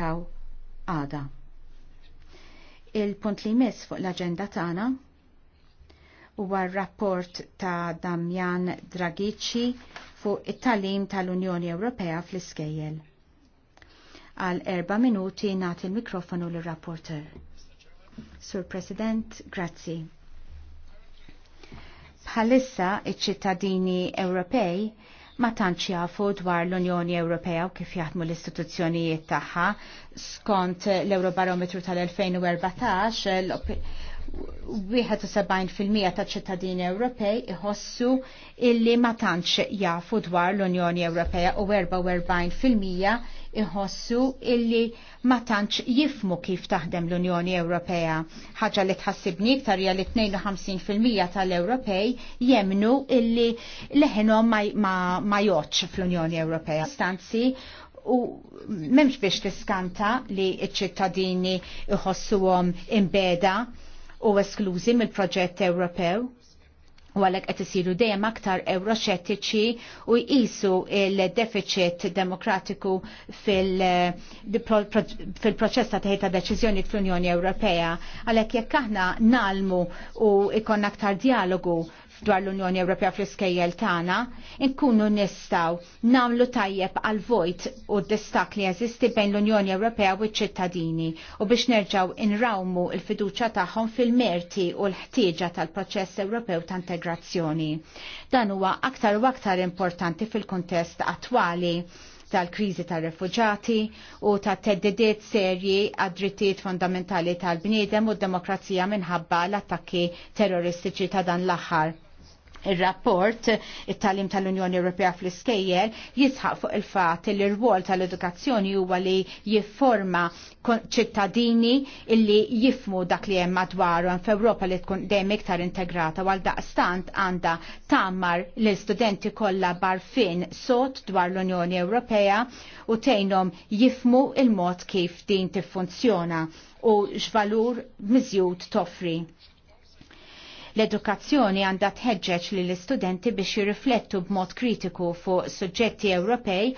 taw għada. Il-punt li jmiss fuq l-agenda tagħna huwa r-rapport ta' Damjan Dragici fuq it-talim tal-Unjoni Ewropea fl-iskejjel. Għal erba minuti nagħti il mikrofonu l-rapporter. Sur President, grazzi. Bħalissa iċ-ċittadini Ewropej ma tantx jafu dwar l-Unjoni Ewropea u kif jaħdmu l-istituzzjonijiet tagħha. Skont l-Eurobarometru tal-2014 71% ta' ċittadini Ewropej iħossu illi ma tantx jafu dwar l-Unjoni Ewropea u 44% iħossu illi ma tantx jifmu kif taħdem l-Unjoni Ewropea. Ħaġa li tħassibni iktar hija li 52% tal-Ewropej jemnu illi leħenhom ma, ma, ma joċ fl-Unjoni Ewropea. Stanzi, u memx biex tiskanta li ċ-ċittadini iħossuhom imbeda u esklużi mill-proġett Ewropew u għalek qed isiru dejjem aktar euroxettiċi u jqisu il-deficit demokratiku fil-proċess ta' ta' deċiżjoni fl-Unjoni Ewropea. Għalek jekk aħna nalmu u ikon aktar dialogu dwar l-Unjoni Ewropea fl-iskejjel tagħna, inkunu nistgħu nagħmlu tajjeb għal vojt u d-distak li jeżisti bejn l-Unjoni Ewropea u ċ-ċittadini u biex nerġgħu inrawmu l-fiduċja tagħhom fil-merti u l-ħtieġa tal-proċess Ewropew ta' integrazzjoni. Dan huwa aktar u aktar importanti fil-kuntest attwali tal-krizi tal-refugġati u tal-teddidiet serji għad-drittijiet fondamentali tal-bniedem u d-demokrazija minħabba l-attakki terroristiċi ta' dan l-aħħar. Il-rapport it-talim tal-Unjoni Ewropea fl-iskejjer jisħaq fuq il-fat li r-rwol tal-edukazzjoni huwa li jifforma ċittadini illi jifmu dak li hemm madwarhom f'Ewropa li tkun dejjem iktar integrata għal daqstant għandha tammar l studenti kollha barfin sot dwar l-Unjoni Ewropea u tejnhom jifmu il-mod kif din tiffunzjona u x'valur miżjud toffri L-edukazzjoni għandha tħeġġeġ li l-istudenti biex jirriflettu b'mod kritiku fuq suġġetti Ewropej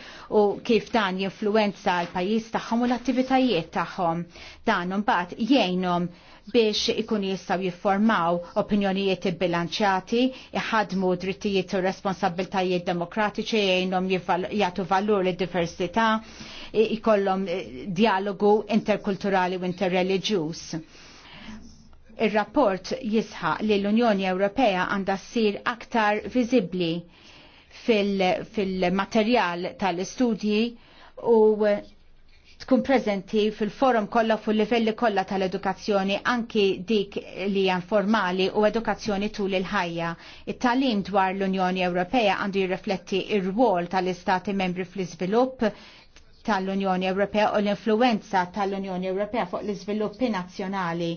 u kif dan jinfluenza l-pajjiż tagħhom u l-attivitajiet tagħhom. Dan imbagħad jgħinhom biex ikun jistaw jifformaw opinjonijiet bilanċjati, iħadmu drittijiet u responsabiltajiet demokratiċi, jgħinom jgħatu valur id diversità, ikollom eh, dialogu interkulturali u interreligjus Il-rapport jisħa li l-Unjoni Ewropea għandha ssir aktar viżibbli fil-materjal fil tal-istudji u tkun prezenti fil-forum kollha fuq livelli kollha tal-edukazzjoni anki dik li hija formali u edukazzjoni tul il-ħajja. It-talim dwar l-Unjoni Ewropea għandu jirrifletti r wol tal-istati membri fl-iżvilupp tal-Unjoni Ewropea u l-influenza tal-Unjoni Ewropea fuq l-iżviluppi nazzjonali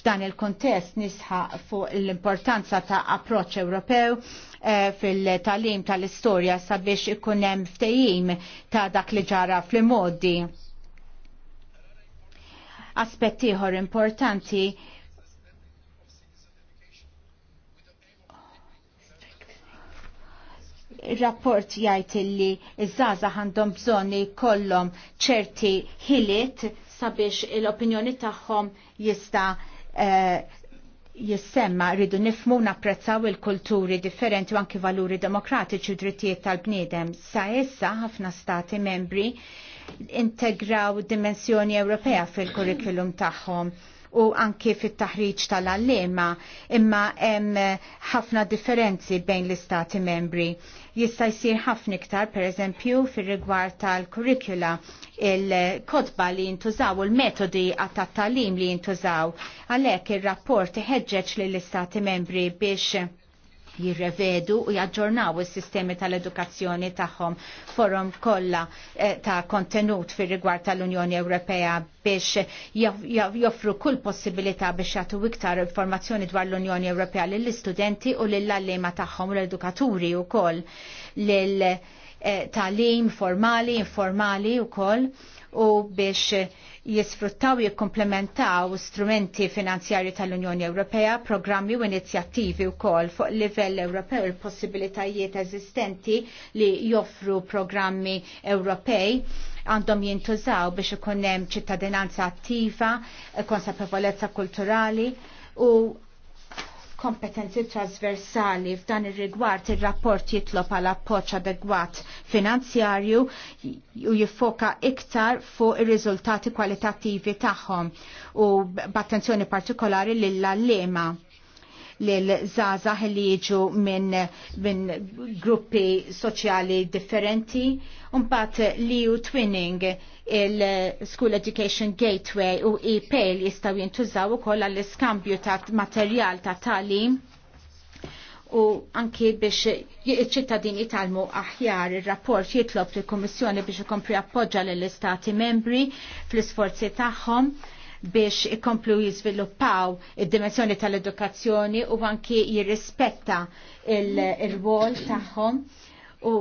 F'dan il-kontest nisħaq fuq l-importanza ta' approċċ Ewropew eh, fil-talim tal-istorja sabiex ikun ftejim ta' dak li ġara fl-modi. Aspett ieħor importanti rapport jajt illi iż-żaza għandhom bżonn kollom jkollhom ċerti ħiliet sabiex l-opinjoni tagħhom jista' Eh, jissemma rridu nifmu napprezzaw il-kulturi differenti u anki valuri demokratiċi u drittijiet tal-bniedem. Sa issa ħafna stati membri integraw dimensjoni Ewropea fil-kurrikulum tagħhom u anke fit-taħriġ tal-allema imma hemm ħafna differenzi bejn l-istati membri. Jista' jsir ħafna iktar pereżempju fir-rigward tal-kurrikula il-kodba li jintużaw u l-metodi għat tagħlim li jintużaw. Għalhekk ir-rapport iħeġġeġ lill-istati membri biex jirrevedu u jaġġornaw is-sistemi tal-edukazzjoni tagħhom forum kollha eh, ta' kontenut fir rigward tal-Unjoni Ewropea biex joffru kull possibilità biex jagħtu iktar informazzjoni dwar l-Unjoni Ewropea lill-istudenti u lill-allima tagħhom u l-edukaturi wkoll lil eh, talim formali, informali wkoll u biex jisfruttaw jikkomplementaw strumenti finanzjarji tal-Unjoni Ewropea, programmi u inizjattivi u kol fuq livell Ewropew il-possibilitajiet eżistenti li joffru programmi Ewropej għandhom jintużaw biex ikun hemm ċittadinanza attiva, konsapevolezza kulturali u kompetenzi trasversali f'dan ir-rigward ir-rapport jitlob għal appoġġ adegwat finanzjarju u jiffoka iktar fuq ir-riżultati kwalitattivi tagħhom u b'attenzjoni partikolari lill lema l-żazah li jiġu minn min gruppi soċjali differenti. Unbat li u twinning il-School Education Gateway u e-Pale jistaw jintużaw ukoll għall-iskambju ta' materjal ta' talim u anki biex iċ-ċittadini talmu aħjar il-rapport jitlob fil kommissjoni biex ikompri appoġġa l-Istati membri fl-isforzi tagħhom biex ikomplu jizviluppaw id-dimensjoni tal-edukazzjoni u anki jirrispetta il-rwol tagħhom u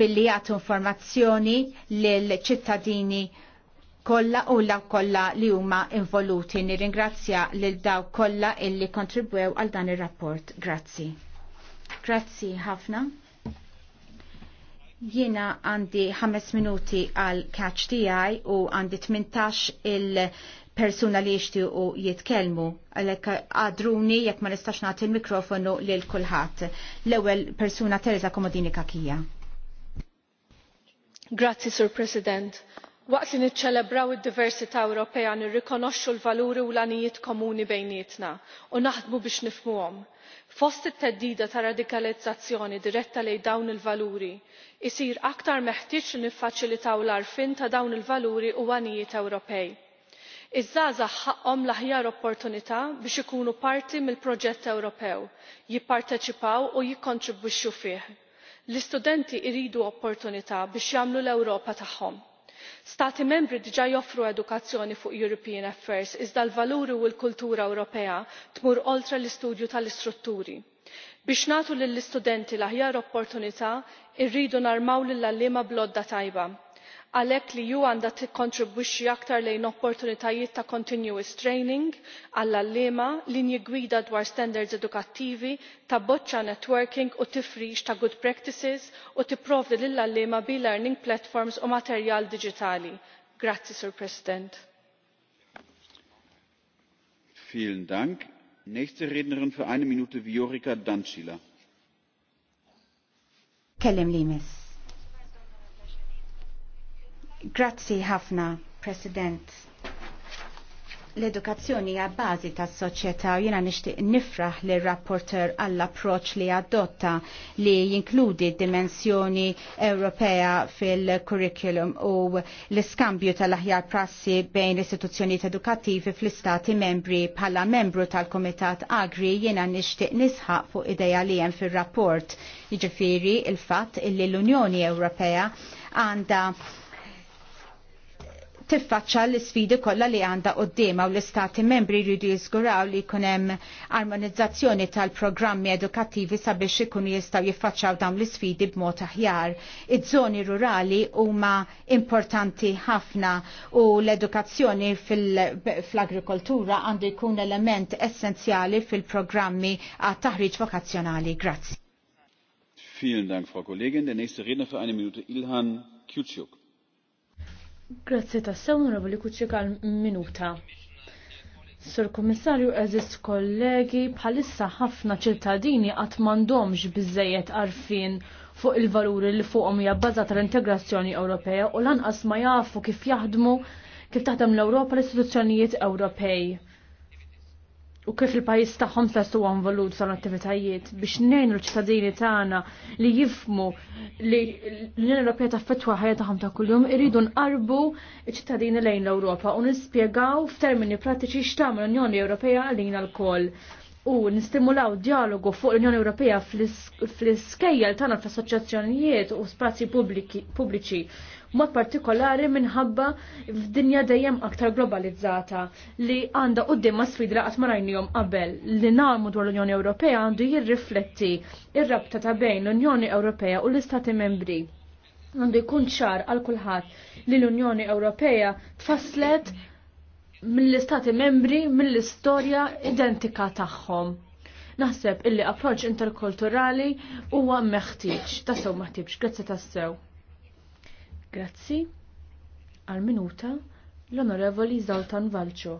billi jagħtu informazzjoni lill-ċittadini kollha u la kollha li huma involuti. Nirringrazzja lil daw kollha illi kontribwew għal dan ir-rapport. Grazzi. Grazzi ħafna. Jiena għandi 5 minuti għal catch DI u għandi 18 il persuna li u jitkellmu għalek għadruni jekk ma nistax nagħti l-mikrofonu lil kulħadd. L-ewwel persuna Teresa Komodini Kakija. Grazie, Sur President. Waqt li niċċelebraw id-diversità Ewropea nirrikonoxxu l-valuri u l-għanijiet komuni bejnietna u naħdmu biex nifhmuhom. Fost it-teddida ta' radikalizzazzjoni diretta lejn dawn il-valuri, isir aktar meħtieġ li niffaċilitaw l-arfin ta' dawn il-valuri u għanijiet Ewropej iż-żgħażagħ ħaqhom l-aħjar opportunità biex ikunu parti mill-proġett ewropew jipparteċipaw u jikkontribwixxu fih. l-istudenti jridu opportunità biex jagħmlu l-ewropa tagħhom. stati membri diġà joffru edukazzjoni fuq european affairs iżda l-valuri u l-kultura ewropea tmur oltre l-istudju tal-istrutturi. biex nagħtu lill istudenti l aħjar opportunità irridu narmaw lill għalliema b'lodda tajba għalhekk li hu għandha tikkontribwixxi aktar lejn opportunitajiet ta' continuous training għall għalliema linji gwida dwar standards edukattivi ta' boċċa networking u tifrix ta' good practices u tipprovdi lil għalliema be learning platforms u materjal diġitali. Grazzi, Sur President. Vielen Dank. Nächste Rednerin für eine Minute, Viorica Dancila. Kellem Limes. Grazzi ħafna, President. L-edukazzjoni hija bażi tas-soċjetà u jiena nixtieq nifraħ lir rapporter għall approċċ li adotta li jinkludi dimensjoni Ewropea fil-kurrikulum u l-iskambju tal-aħjar prassi bejn l-istituzzjonijiet edukattivi fl-istati membri bħala membru tal-Kumitat Agri jiena nixtieq nisħaq fuq ideja li hemm fir-rapport. Jiġifieri il-fatt illi l-Unjoni Ewropea għandha tiffaċċa l-sfidi kollha li għandha qudiema u l-istati membri jridu jiżguraw li jkun hemm armonizzazzjoni tal-programmi edukattivi sabiex ikunu jistgħu jiffaċċaw dawn l-isfidi b'mod aħjar. Iż-żoni rurali huma importanti ħafna u l-edukazzjoni fl-agrikoltura għandu jkun element essenzjali fil-programmi għat taħriġ vokazzjonali. Grazzi. Vielen Dank, Frau Kollegin. Der nächste Redner für eine Minute, Ilhan Kючук. Grazzi ta' sew onorevoli kuċċika minuta. Sur komissarju, eżist kollegi bħalissa ħafna ċittadini qatt m'għandhomx biżejjed għarfien fuq il-valuri li fuqhom hija bbażata l-integrazzjoni Ewropea u lanqas ma jafu kif jaħdmu kif taħdem l-Ewropa l-istituzzjonijiet Ewropej u kif il-pajis tagħhom stess huwa involut sal-attivitajiet biex ngħinu l-ċittadini tagħna li jifmu li l-Unjoni ta' taffettwa ħajja tagħhom ta' kuljum iridu nqarbu ċ-ċittadini lejn l-Ewropa u nispjegaw f'termini pratiċi xtam l-Unjoni Ewropea għalina l-koll u nistimulaw dialogu fuq l-Unjoni Ewropea fl-iskejjel tagħna fl-assoċjazzjonijiet u spazji pubbliċi mod partikolari minħabba f'dinja dejjem aktar globalizzata li għandha qudiemha sfida qatt ma rajnihom qabel li nagħmlu dwar l-Unjoni Ewropea għandu jirrifletti r rabta ta' bejn l-Unjoni Ewropea u l-Istati Membri. Għandu jkun ċar għal kulħadd li l-Unjoni Ewropea tfasslet mill-istati membri mill-istorja identika tagħhom. Naħseb illi approċ interkulturali huwa meħtieġ, tassew meħtieġ, grazzi tassew. Grazzi. Għal minuta l-Onorevoli Zaltan Valċo.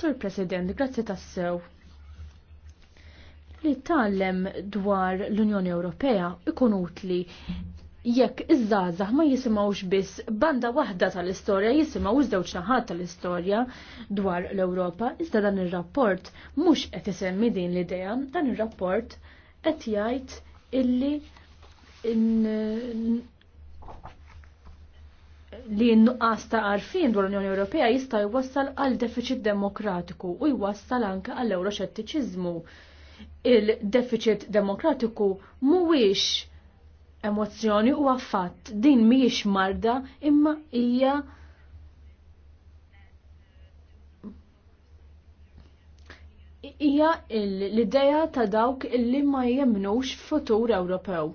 Sur President, grazzi tassew. Li tallem dwar l-Unjoni Ewropea ikun utli jekk iż-żgħażagħ ma jisimgħux biss banda waħda tal-istorja jisimgħu żewġ naħat tal-istorja dwar l-Ewropa, iżda dan ir-rapport mhux qed isemmi din l-idea, dan ir-rapport qed jgħid illi li n-nuqqas ta' għarfien dwar l-Unjoni Ewropea jista' jwassal għal deficit demokratiku u jwassal anke għal euroxettiċiżmu. Il-deficit demokratiku mhuwiex emozzjoni u għaffat din mhijiex marda imma hija hija l-idea ta' dawk illi ma jemnux futur Ewropew.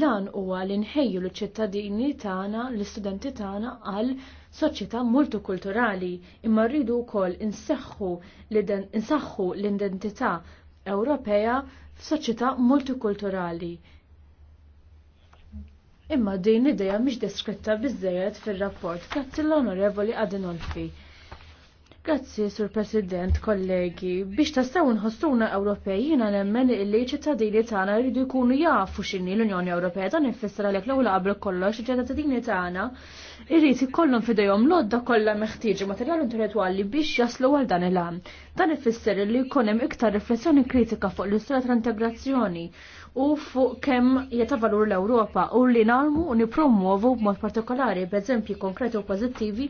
Lan huwa li nħejju l-ċittadini tagħna, l-istudenti tagħna għal soċjetà multikulturali imma rridu wkoll inseħħu insaħħu l-identità Ewropea f'soċjetà multikulturali. Imma din l-idea mhix deskritta biżejjed fir-rapport kienet l-Onorevoli Adinolfi. Grazzi, Sur President, kollegi. Biex tassew nħossuna Ewropejina nemmen illi ċittadini tagħna jridu jkunu jafu x'inhi l-Unjoni Ewropea dan ifisser għalhekk l-ewwel qabel kollox ċittadini tagħna irrid ikollhom f'idejhom lodda kollha meħtieġi materjal intellettwali biex jaslu għal dan il-għam. Dan ifisser li jkun hemm iktar riflessjoni kritika fuq l-istura tal-integrazzjoni u fuq kemm jeta valur l-Ewropa u li narmu u nipromuovu b'mod partikolari b'eżempji konkreti u pożittivi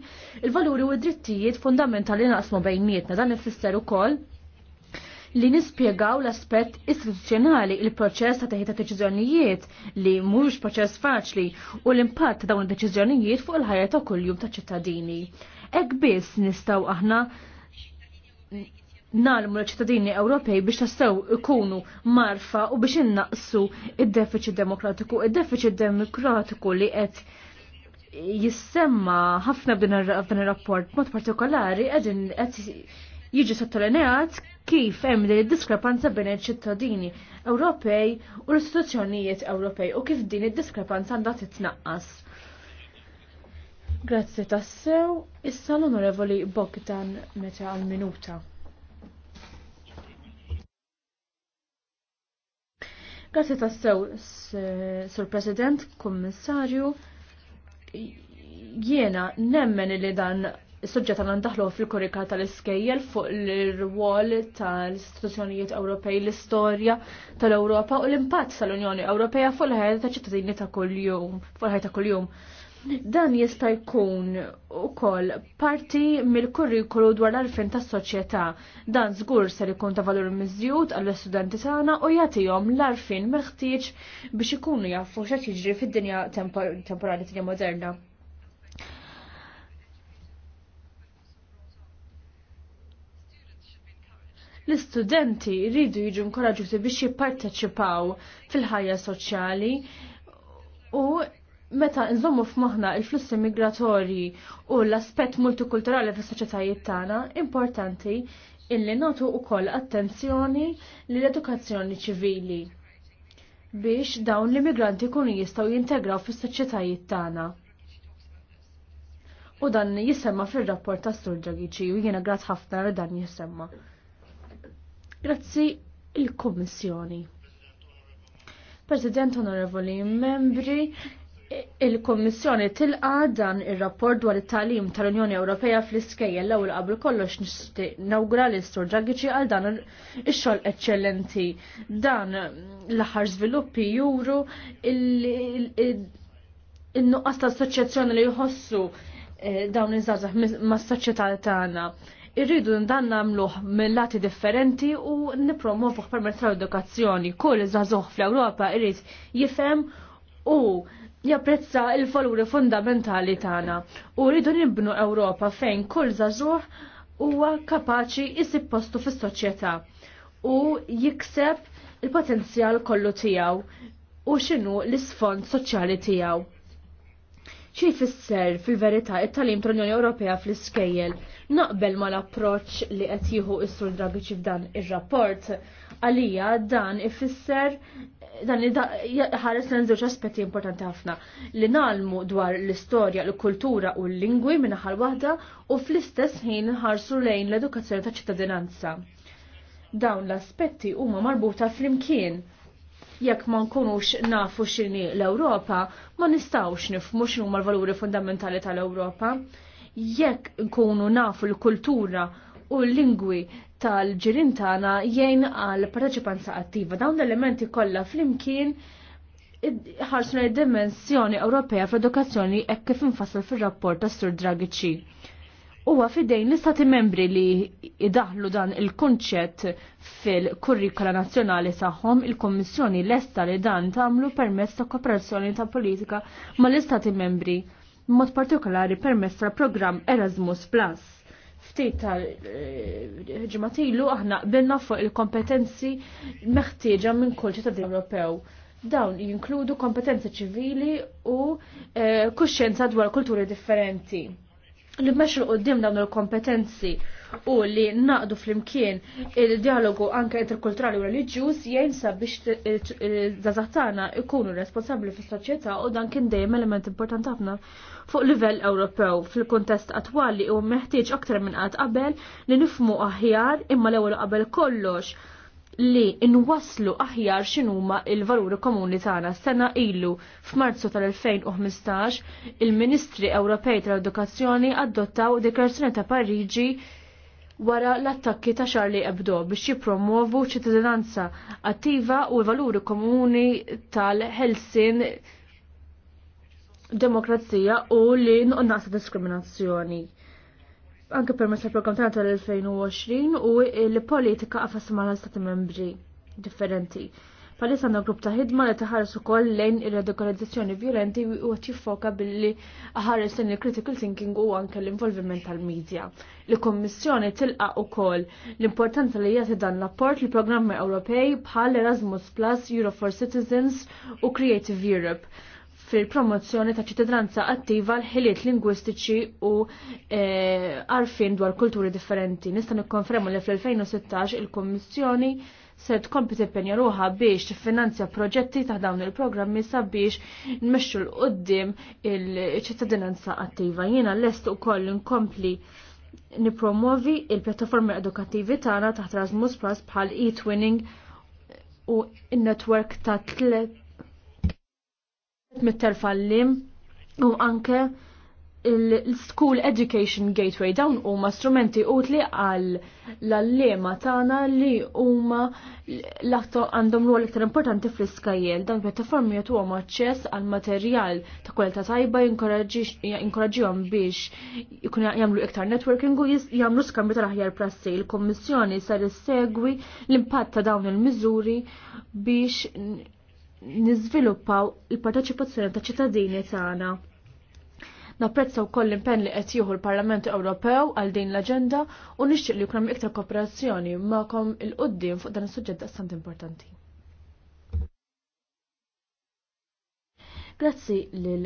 il-valuri u d-drittijiet fundamentali naqsmu bejnietna dan ifisser ukoll li nispjegaw l-aspett istituzzjonali il-proċess ta' teħita deċiżjonijiet li mhux proċess faċli u l-impatt ta' dawn id-deċiżjonijiet fuq il-ħajja ta' kuljum ta' ċittadini. Ek biss nistgħu aħna nalmu l-ċittadini Ewropej biex tassew ikunu marfa u biex innaqsu id-deficit demokratiku. Id-deficit demokratiku li qed jissemma ħafna f'dan ir-rapport mod partikolari qegħdin qed jiġi sottolineat kif hemm din id-diskrepanza bejn iċ-ċittadini Ewropej u l-istituzzjonijiet Ewropej u kif din id-diskrepanza għandha titnaqqas. Grazzi tassew, issa l-Onorevoli Bogdan meta għal-minuta. Grazzi sew, Sur President, Kommissarju, jiena nemmen li dan s-sogġet għan daħlu fil korika tal-iskejjel fuq l-rwol tal-istituzzjonijiet Ewropej, l-istorja tal-Ewropa u l-impatt tal-Unjoni Ewropeja fuq l-ħajja ta' ċittadini ta' kuljum, fuq l-ħajja ta' kuljum. Dan jista' jkun ukoll parti mill-kurrikulu dwar l-arfin tas-soċjetà. Dan żgur ser ikun ta' valur miżjud għall-istudenti tagħna u jagħtihom l-arfin meħtieġ biex ikunu jafu x'qed jiġri fid-dinja temporali dinja moderna. L-istudenti jridu jiġu nkoraġuti biex jipparteċipaw fil-ħajja soċjali u meta nżommu f'moħħna il-flussi migratorji u l-aspett multikulturali fis-soċjetajiet tagħna, importanti illi nagħtu wkoll attenzjoni lill-edukazzjoni ċivili biex dawn l-immigranti kunu jistgħu jintegraw fis-soċjetajiet tagħna. U dan jisemma fil-rapport ta' Giċi u jiena grat ħafna li dan jisemma. Grazzi il kummissjoni President Onorevoli, membri, Il-Kommissjoni tilqa dan ir-rapport dwar it-talim tal-Unjoni Ewropea fl-iskejjel l-ewwel qabel kollox nixtieq nawgura l istur ġagiċi għal dan ix-xogħol eċċellenti. Dan l-aħħar żviluppi juru il-nuqqas ta' assoċjazzjoni li jħossu eh, dawn iż-żgħażagħ mas-soċjetà tagħna. Irridu dan nagħmluh minn lati differenti u nippromovuh permezz tal-edukazzjoni. Kull iż-żagħżugħ fl-Ewropa irid jifhem u japprezza il-valuri fundamentali tagħna u rridu nibnu Ewropa fejn kull żagħżugħ huwa kapaċi jsib postu fis-soċjetà u jikseb il-potenzjal kollu tiegħu u x'inhu l-isfond soċjali tiegħu. Xi jfisser fil-verità it-talim tal-Unjoni Ewropea fl-iskejjel Naqbel ma l-approċ li qed jieħu is-sur Dragiċi f'dan ir-rapport għalija dan ifisser dan ħares l żewġ aspetti importanti ħafna li nalmu dwar l-istorja, l-kultura u l-lingwi minn aħħar waħda u fl-istess ħin nħarsu lejn l-edukazzjoni ta' ċittadinanza. Dawn l-aspetti huma marbuta fl-imkien jekk ma nkunux nafu x'inhi l-Ewropa, ma nistgħux nifmu xinu l-valuri fundamentali tal-Ewropa jekk nkunu nafu l-kultura u l-lingwi tal-ġirin tagħna jgħin għal parteċipanza attiva. Dawn l-elementi kollha flimkien id dimensjoni Ewropea fl-edukazzjoni hekk kif infassal fir-rapport tas Sur Dragici. Huwa fidejn l-istati membri li idaħlu dan il-kunċett fil-kurrikula nazzjonali tagħhom il kummissjoni lesta li dan tagħmlu permezz ta' kooperazzjoni ta' politika mal-istati membri mod partikolari permess fra programm Erasmus Plus. Ftit tal eh, ġematilu aħna qbilna fuq il-kompetenzi meħtieġa minn kull ċittadin Ewropew. Dawn jinkludu kompetenzi ċivili u eh, kuxjenza dwar kulturi differenti. Li meċru qoddim dawn il-kompetenzi u li naqdu flimkien il-dialogu anke interkulturali u religjuż jgħinsa biex-Zazatana ikunu responsabbli fis-soċjetà u dan kien dejjem element importanti ħafna fuq livell Ewropew fil-kuntest attwali u meħtieġ aktar minn qatt qabel li nifmu aħjar imma l-ewwel qabel kollox li nwasslu aħjar x'inhuma il-valuri komuni tagħna. Sena ilu f'Marzu tal-2015 il-Ministri Ewropej tal-Edukazzjoni adottaw deklarazzjoni ta' Pariġi wara l-attakki ta' Charlie Hebdo biex jipromovu ċittadinanza attiva u valuri komuni tal-Helsin demokrazija u li nqonnaqsa diskriminazzjoni anke permess il-program tagħna tal-2020 u l-politika qafas mal-istati membri differenti. Palissa għandna grupp ta' ħidma li taħares ukoll lejn ir-radikalizzazzjoni violenti u qed jiffoka billi ħares lejn il-critical thinking u anke l-involviment tal-medja. Il-Kommissjoni tilqa ukoll l-importanza li jagħti dan l-apport li programmi Ewropej bħal Erasmus Plus, Europe for Citizens u Creative Europe fil-promozzjoni ta' ċittadranza attiva l-ħiliet lingwistiċi u e, għarfien dwar kulturi differenti. Nista' nikkonfermu li fl-2016 il-Kommissjoni se tkompli tippenja ruha biex tiffinanzja proġetti ta' dawn il-programmi sabiex nmexxu l qoddim il-ċittadinanza attiva. Jiena lest ukoll inkompli nipromovi il-pjattaformi edukattivi tagħna taħt Erasmus Plus bħal e-twinning u n-netwerk ta' tlet mit telfallim u anke il-School Education Gateway dawn huma strumenti utli għal l-allema tagħna li huma l-aktar għandhom l iktar importanti fl-iskajjel. Dan pjattaformi għom aċċess għal materjal ta' kwalità tajba jinkoraġġihom biex jkun jagħmlu iktar networking u jagħmlu skambju tal-aħjar prassi. Il-Kommissjoni sar issegwi l-impatt ta' dawn il-miżuri biex nizviluppaw il-parteċipazzjoni ta' ċittadini tagħna. Napprezzaw koll impenn li qed jieħu l-Parlament Ewropew għal din l-aġenda u nixtieq li jkunem iktar kooperazzjoni magħkom il-qudiem fuq dan is-suġġett assant importanti. Grazzi lil